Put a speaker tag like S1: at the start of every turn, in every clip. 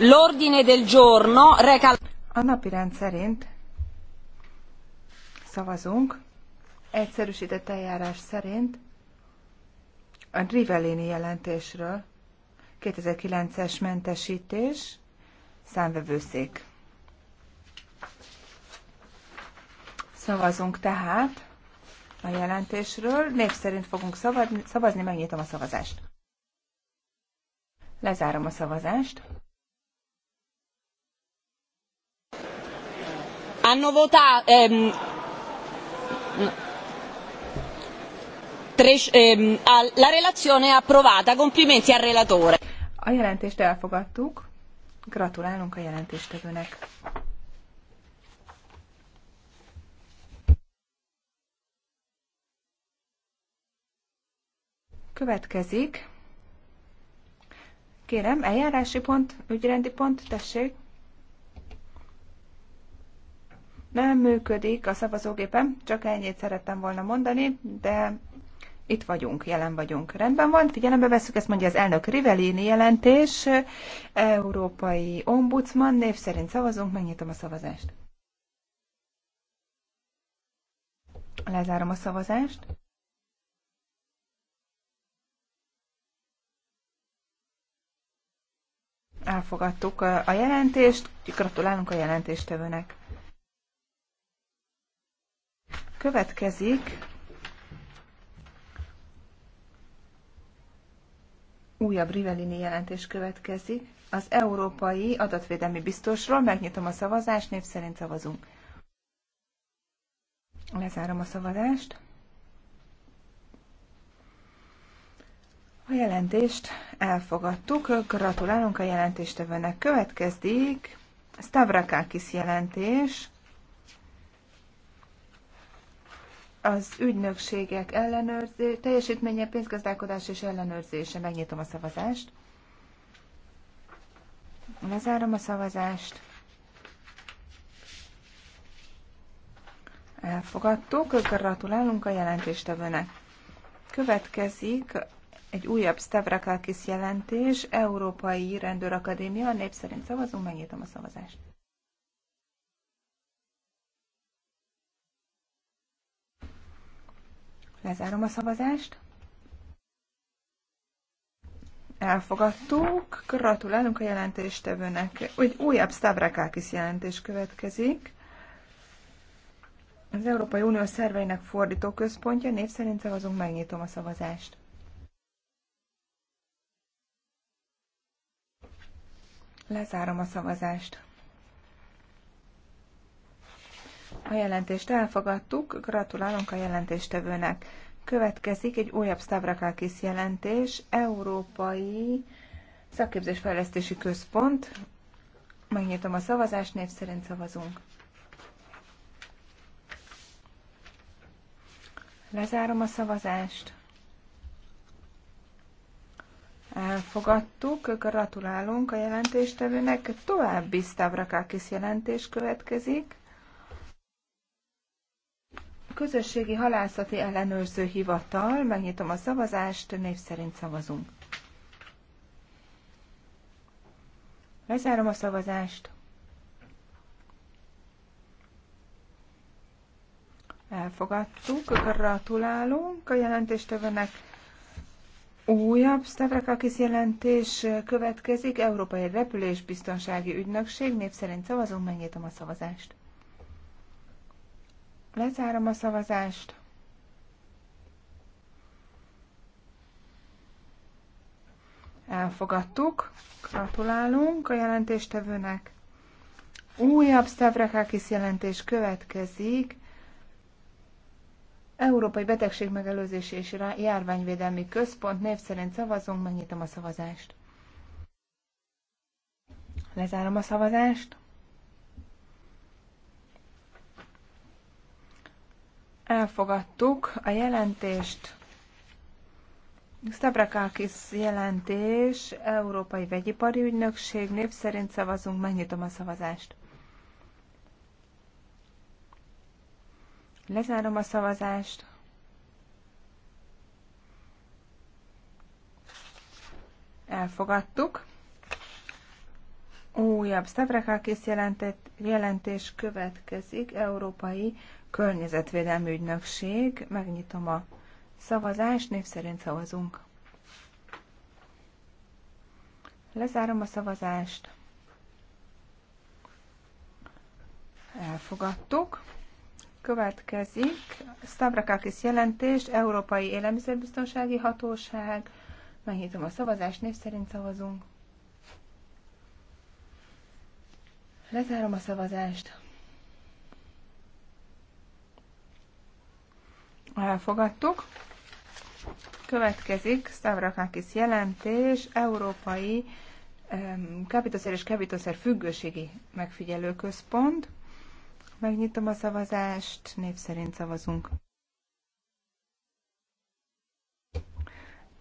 S1: L'ordine del giorno reca... A napi rend szerint szavazunk, egyszerűsített eljárás szerint a Rivellini jelentésről 2009-es mentesítés számvevőszék. Szavazunk tehát a jelentésről. Név szerint fogunk szavazni megnyitom a szavazást. Lezárom a szavazást.
S2: hanno votato ehm, tres, ehm, a, la relazione è approvata. Complimenti al relatore.
S1: A jelentést elfogadtuk. Gratulálunk a jelentéstevőnek. Következik. Kérem, eljárási pont, ügyrendi pont, tessék. nem működik a szavazógépem, csak ennyit szerettem volna mondani, de itt vagyunk, jelen vagyunk. Rendben van, figyelembe veszük, ezt mondja az elnök Rivelini jelentés, Európai Ombudsman, név szerint szavazunk, megnyitom a szavazást. Lezárom a szavazást. Elfogadtuk a jelentést, gratulálunk a jelentéstevőnek. Következik újabb Rivellini jelentés következik. Az Európai Adatvédelmi Biztosról megnyitom a szavazást, név szerint szavazunk. Lezárom a szavazást. A jelentést elfogadtuk. Gratulálunk a jelentéstevőnek. Következik Stavrakakis jelentés. az ügynökségek ellenőrzé, teljesítménye, pénzgazdálkodás és ellenőrzése. Megnyitom a szavazást. Lezárom a szavazást. Elfogadtuk, gratulálunk a jelentéstevőnek. Következik egy újabb Stavrakakis jelentés, Európai Rendőrakadémia, népszerint szavazunk, megnyitom a szavazást. Lezárom a szavazást. Elfogadtuk. Gratulálunk a jelentéstevőnek. Egy újabb Stavrakakis jelentés következik. Az Európai Unió szerveinek fordító központja név szerint szavazunk, megnyitom a szavazást. Lezárom a szavazást. a jelentést elfogadtuk, gratulálunk a jelentéstevőnek. Következik egy újabb Stavrakakis jelentés, Európai Szakképzésfejlesztési Központ. Megnyitom a szavazást, név szerint szavazunk. Lezárom a szavazást. Elfogadtuk, gratulálunk a jelentéstevőnek. További Stavrakakis jelentés következik. Közösségi Halászati Ellenőrző Hivatal. Megnyitom a szavazást, név szerint szavazunk. Lezárom a szavazást. Elfogadtuk, gratulálunk a jelentéstevőnek. Újabb Stavrakakis jelentés következik, Európai Repülésbiztonsági Ügynökség, név szerint szavazunk, megnyitom a szavazást. Lezárom a szavazást. Elfogadtuk. Gratulálunk a jelentéstevőnek. Újabb Stavrakakis jelentés következik. Európai Betegség Megelőzési és Járványvédelmi Központ név szerint szavazunk, megnyitom a szavazást. Lezárom a szavazást. elfogadtuk a jelentést. Stavrakakis jelentés, Európai Vegyipari Ügynökség, név szerint szavazunk, megnyitom a szavazást. Lezárom a szavazást. Elfogadtuk. Újabb Stavrakakis jelentés következik, Európai Környezetvédelmi Ügynökség. Megnyitom a szavazást, név szerint szavazunk. Lezárom a szavazást. Elfogadtuk. Következik Stavrakakis jelentést, Európai Élelmiszerbiztonsági Hatóság. Megnyitom a szavazást, név szerint szavazunk. Lezárom a szavazást. elfogadtuk. Következik Stavrakakis jelentés Európai Kábítószer és Kábítószer Függőségi Megfigyelő Központ. Megnyitom a szavazást, név szerint szavazunk.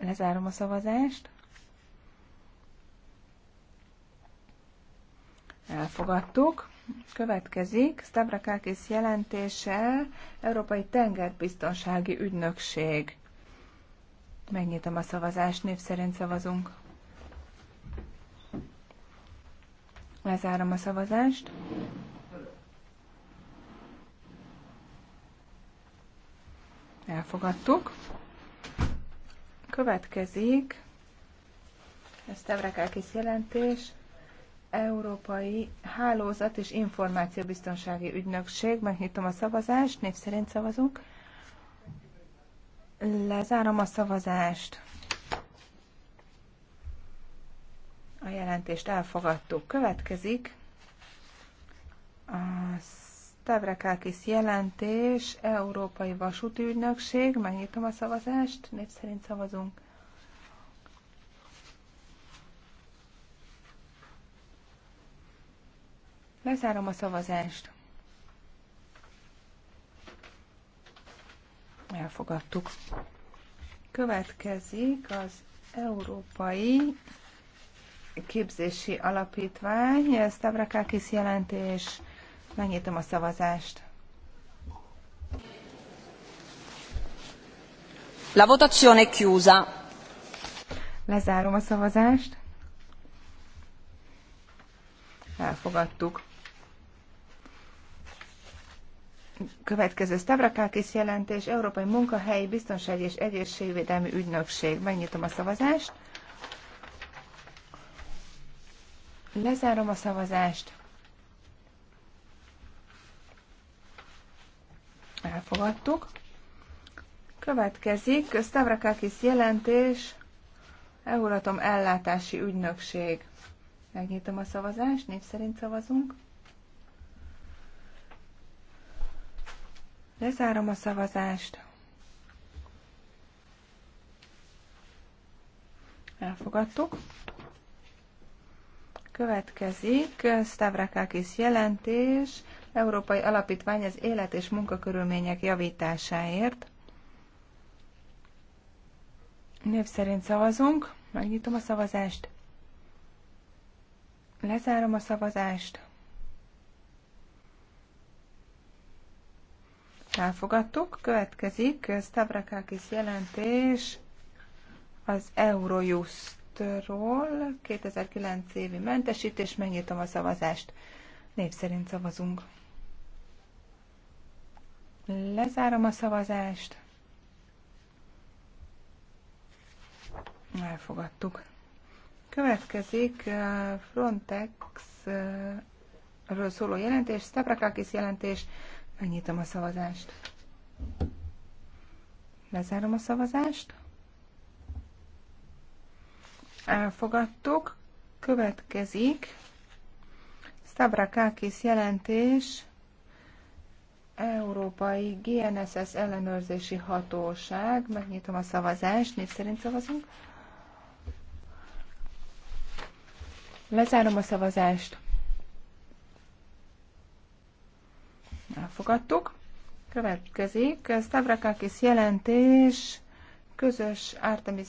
S1: Lezárom a szavazást. Elfogadtuk. Következik Stavrakakis jelentése, Európai Tengerbiztonsági Ügynökség. Megnyitom a szavazást, név szerint szavazunk. Lezárom a szavazást. Elfogadtuk. Következik ez Tevrekelkis jelentés, Európai Hálózat és Információbiztonsági Ügynökség. Megnyitom a szavazást, név szerint szavazunk. Lezárom a szavazást. A jelentést elfogadtuk. Következik a Stavrakakis jelentés, Európai Vasúti Ügynökség. Megnyitom a szavazást, név szerint szavazunk. Lezárom a szavazást. Elfogadtuk. Következik az Európai Képzési Alapítvány, Ez Stavrakakis jelentés. Megnyitom a szavazást. La votazione chiusa. Lezárom a szavazást. Elfogadtuk. Következő Stavrakakis jelentés, Európai Munkahelyi Biztonsági és Egészségvédelmi Ügynökség. Megnyitom a szavazást. Lezárom a szavazást. Elfogadtuk. Következik Stavrakakis jelentés, Euratom ellátási ügynökség. Megnyitom a szavazást, név szerint szavazunk. Lezárom a szavazást. Elfogadtuk. Következik Stavrakakis jelentés, Európai Alapítvány az élet és munkakörülmények javításáért. Név szerint szavazunk. Megnyitom a szavazást. Lezárom a szavazást. Elfogadtuk. Következik Stavrakakis jelentés az Eurojustról 2009 évi mentesítés. Megnyitom a szavazást. Név szerint szavazunk. Lezárom a szavazást. Elfogadtuk. Következik uh, Frontex ről szóló jelentés, Stavrakakis jelentés, Megnyitom a szavazást. Lezárom a szavazást. Elfogadtuk. Következik Stavrakákis jelentés Európai GNSS ellenőrzési hatóság. Megnyitom a szavazást. Név szerint szavazunk. Lezárom a szavazást. elfogadtuk. Következik Stavrakakis jelentés, közös Artemis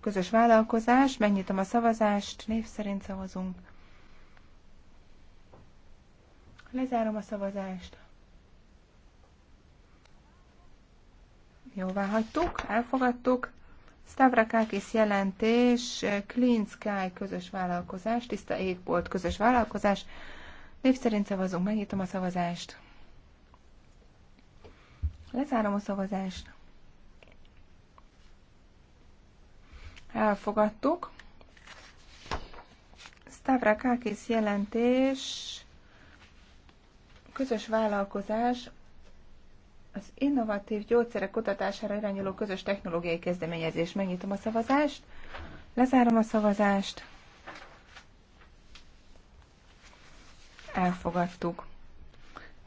S1: közös vállalkozás, megnyitom a szavazást, név szerint szavazunk. Lezárom a szavazást. Jóvá hagytuk, elfogadtuk. Stavrakakis jelentés, Clean Sky közös vállalkozás, tiszta égbolt közös vállalkozás. Név szerint szavazunk, megnyitom a szavazást. Lezárom a szavazást. Elfogadtuk. Stavrakakis jelentés, közös vállalkozás, az innovatív gyógyszerek kutatására irányuló közös technológiai kezdeményezés. Megnyitom a szavazást, lezárom a szavazást, elfogadtuk.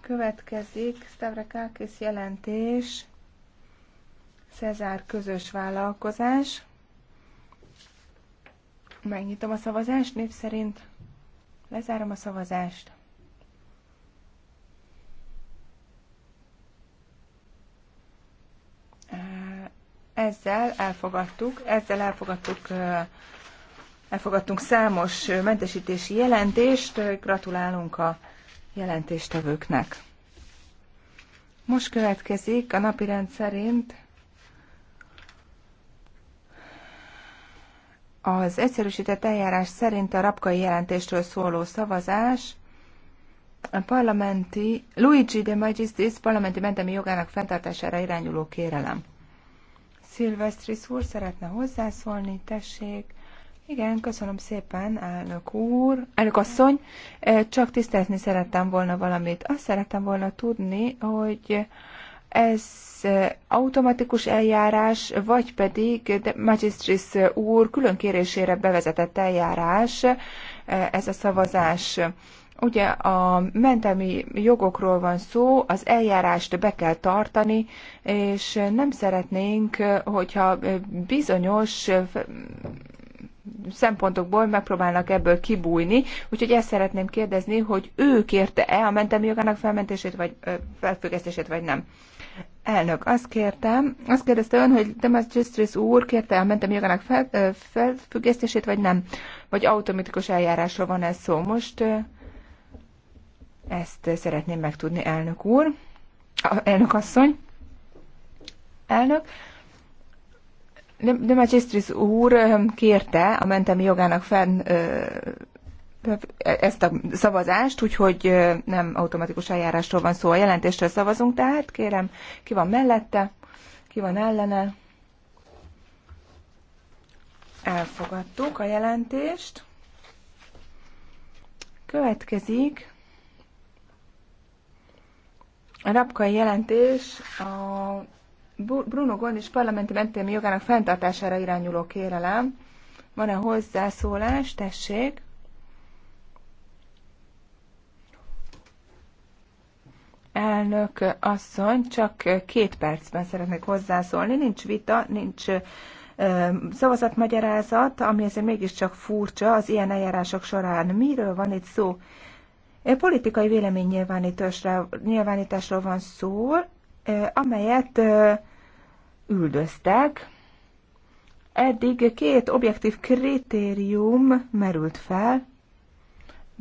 S1: Következik Stavrakakis jelentés, Cezár közös vállalkozás. Megnyitom a szavazást, név szerint lezárom a szavazást. Ezzel elfogadtuk, ezzel elfogadtuk elfogadtunk számos mentesítési jelentést, gratulálunk a jelentéstevőknek. Most következik a napirend szerint az egyszerűsített eljárás szerint a rapkai jelentéstől szóló szavazás a parlamenti Luigi de Magistris parlamenti mentemi jogának fenntartására irányuló kérelem. Szilvesztris úr szeretne hozzászólni, tessék. Igen, köszönöm szépen, elnök úr, elnök asszony. Csak tisztázni szerettem volna valamit. Azt szerettem volna tudni, hogy ez automatikus eljárás, vagy pedig de Magistris úr külön kérésére bevezetett eljárás, ez a szavazás. Ugye a mentelmi jogokról van szó, az eljárást be kell tartani, és nem szeretnénk, hogyha bizonyos szempontokból megpróbálnak ebből kibújni, úgyhogy ezt szeretném kérdezni, hogy ő kérte-e a mentelmi jogának felmentését, vagy felfüggesztését, vagy nem. Elnök, azt kértem, azt kérdezte ön, hogy Justice úr kérte a mentelmi jogának fel, felfüggesztését, vagy nem, vagy automatikus eljárásról van ez szó. Most ezt szeretném megtudni, elnök úr, elnök asszony. Elnök, de Magisztris hát úr kérte a mentemi jogának fenn ezt a szavazást, úgyhogy nem automatikus eljárásról van szó, a jelentésről szavazunk, tehát kérem, ki van mellette, ki van ellene. Elfogadtuk a jelentést. Következik a rabkai jelentés a Bruno és parlamenti mentelmi jogának fenntartására irányuló kérelem. Van-e hozzászólás? Tessék. Elnök asszony, csak két percben szeretnék hozzászólni. Nincs vita, nincs szavazatmagyarázat, ami ezért mégiscsak furcsa az ilyen eljárások során. Miről van itt szó? Politikai vélemény nyilvánításról van szó, amelyet üldöztek. Eddig két objektív kritérium merült fel,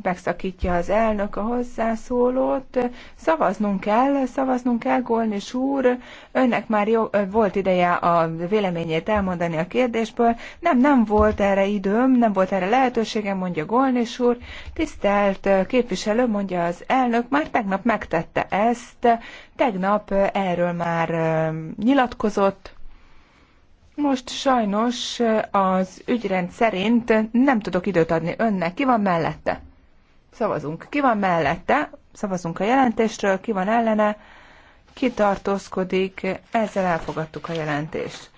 S1: megszakítja az elnök a hozzászólót. Szavaznunk kell, szavaznunk kell, Golnis úr, önnek már jó, volt ideje a véleményét elmondani a kérdésből. Nem, nem volt erre időm, nem volt erre lehetőségem, mondja Golnis úr. Tisztelt képviselő, mondja az elnök, már tegnap megtette ezt, tegnap erről már nyilatkozott. Most sajnos az ügyrend szerint nem tudok időt adni önnek. Ki van mellette? Szavazunk. Ki van mellette? Szavazunk a jelentésről. Ki van ellene? Ki tartózkodik? Ezzel elfogadtuk a jelentést.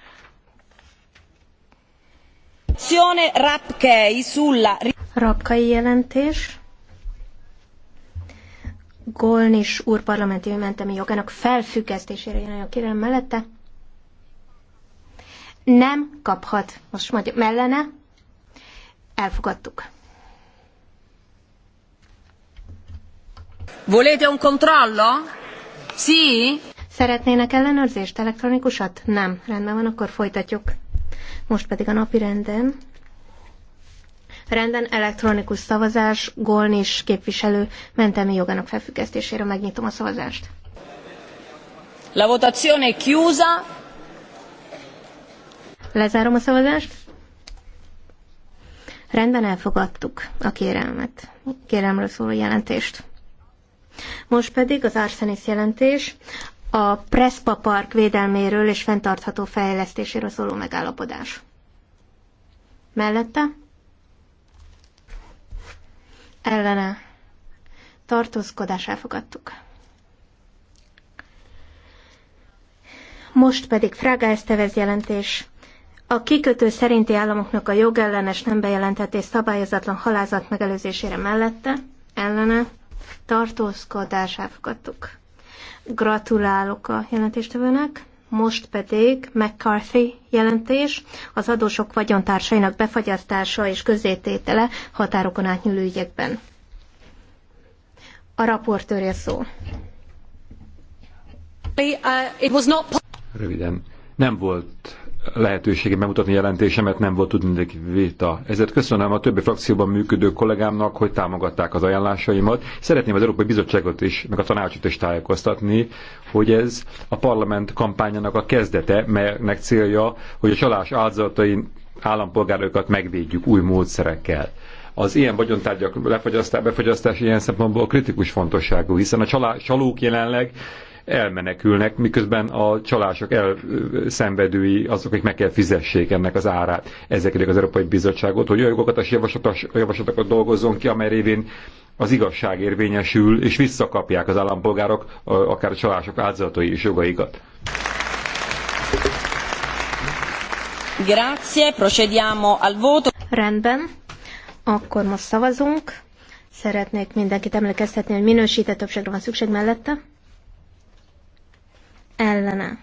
S2: Rapkei sulla... Rapkai jelentés. Golnis úr parlamenti mentemi jogának felfüggesztésére jön a kérelem mellette. Nem kaphat. Most mondjuk mellene. Elfogadtuk. Volete un controllo? Sì? Szeretnének ellenőrzést elektronikusat? Nem. Rendben van, akkor folytatjuk. Most pedig a napi renden. Renden elektronikus szavazás, Golnis képviselő mentelmi jogának felfüggesztésére megnyitom a szavazást. La votazione chiusa. Lezárom a szavazást. Rendben elfogadtuk a kérelmet, kérelemről szóló jelentést. Most pedig az Arsenis jelentés a Prespa Park védelméről és fenntartható fejlesztéséről szóló megállapodás. Mellette? Ellene. Tartózkodás elfogadtuk. Most pedig Fraga Esztevez jelentés. A kikötő szerinti államoknak a jogellenes nem bejelentett és szabályozatlan halázat megelőzésére mellette, ellene, tartózkodását fogadtuk. Gratulálok a jelentéstevőnek. Most pedig McCarthy jelentés, az adósok vagyontársainak befagyasztása és közététele határokon átnyúló ügyekben. A raportőrje szó. Röviden, nem volt lehetőségem bemutatni jelentésemet, nem volt tudnék vita. Ezért köszönöm a többi frakcióban működő kollégámnak, hogy támogatták az ajánlásaimat. Szeretném az Európai Bizottságot is, meg a tanácsot is tájékoztatni, hogy ez a parlament kampányának a kezdete, melynek célja, hogy a csalás áldozatain állampolgárokat megvédjük új módszerekkel az ilyen vagyontárgyak lefogyasztás, befogyasztás ilyen szempontból kritikus fontosságú, hiszen a csalók jelenleg elmenekülnek, miközben a csalások elszenvedői azok, akik meg kell fizessék ennek az árát. Ezek az Európai Bizottságot, hogy olyan jogokat és javaslatokat dolgozzon ki, amely révén az igazság érvényesül, és visszakapják az állampolgárok, akár a csalások áldozatai és jogaikat. Grazie, procediamo al voto. Rendben, akkor most szavazunk. Szeretnék mindenkit emlékeztetni, hogy minősített többségre van szükség mellette ellene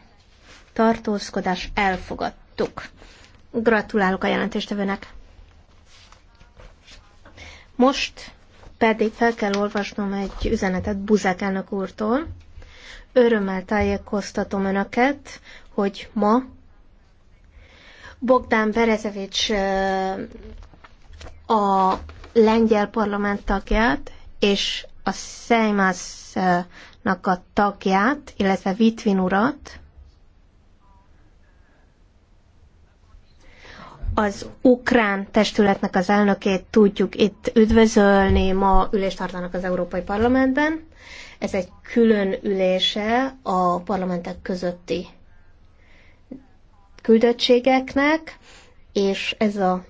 S2: tartózkodás elfogadtuk. Gratulálok a jelentéstevőnek. Most pedig fel kell olvasnom egy üzenetet Buzák elnök úrtól. Örömmel tájékoztatom Önöket, hogy ma Bogdán Berezevics a lengyel parlament tagját és a Szeimász nak a tagját, illetve Vitvin urat, az ukrán testületnek az elnökét tudjuk itt üdvözölni, ma ülést tartanak az Európai Parlamentben. Ez egy külön ülése a parlamentek közötti küldöttségeknek, és ez a